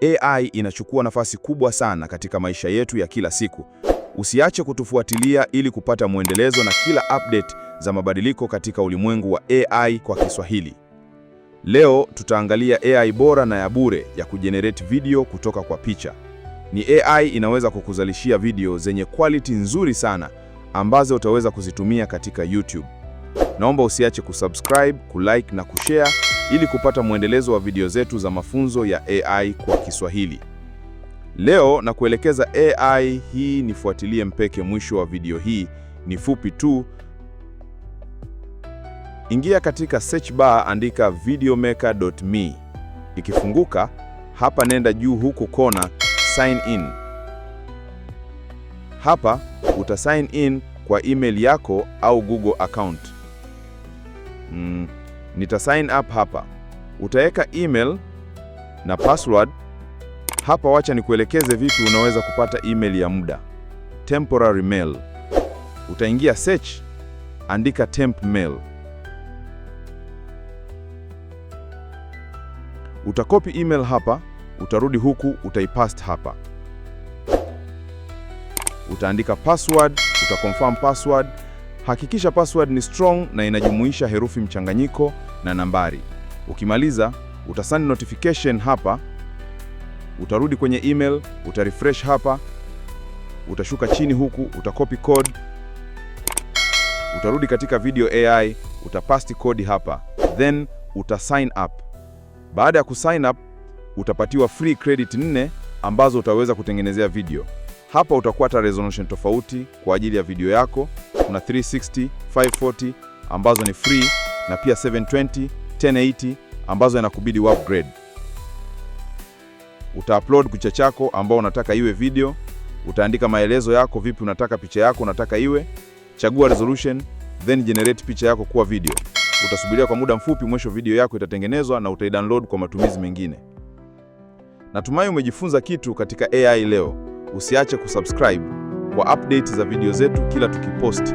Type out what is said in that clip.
AI inachukua nafasi kubwa sana katika maisha yetu ya kila siku. Usiache kutufuatilia ili kupata mwendelezo na kila update za mabadiliko katika ulimwengu wa AI kwa Kiswahili. Leo tutaangalia AI bora na ya bure ya kujenerate video kutoka kwa picha. Ni AI inaweza kukuzalishia video zenye quality nzuri sana ambazo utaweza kuzitumia katika YouTube. Naomba usiache kusubscribe, kulike na kushare ili kupata mwendelezo wa video zetu za mafunzo ya AI kwa Kiswahili. Leo na kuelekeza AI hii, nifuatilie mpeke mwisho wa video hii, ni fupi tu. Ingia katika search bar, andika videomaker.me. Ikifunguka hapa, nenda juu huku kona, sign in. Hapa uta sign in kwa email yako au Google account. Mm nita sign up hapa, utaweka email na password hapa. Wacha nikuelekeze vipi unaweza kupata email ya muda, temporary mail. Utaingia search, andika temp mail, utakopi email hapa, utarudi huku, utaipaste hapa, utaandika password, utaconfirm password Hakikisha password ni strong na inajumuisha herufi mchanganyiko na nambari. Ukimaliza, utasend notification hapa, utarudi kwenye email, utarefresh hapa, utashuka chini huku, utakopi code, utarudi katika video AI, utapasti kodi hapa, then utasign up. Baada ya kusign up, utapatiwa free credit nne ambazo utaweza kutengenezea video. Hapa utakuwa ta resolution tofauti kwa ajili ya video yako kuna 360, 540 ambazo ni free na pia 720, 1080 ambazo inakubidi upgrade. upload picha chako ambao unataka iwe video, utaandika maelezo yako, vipi unataka picha yako unataka iwe, chagua resolution, then generate picha yako kuwa video. Utasubiria kwa muda mfupi, mwisho video yako itatengenezwa na utaidownload kwa matumizi mengine. Natumai umejifunza kitu katika AI leo. Usiache kusubscribe kwa update za video zetu kila tukiposti.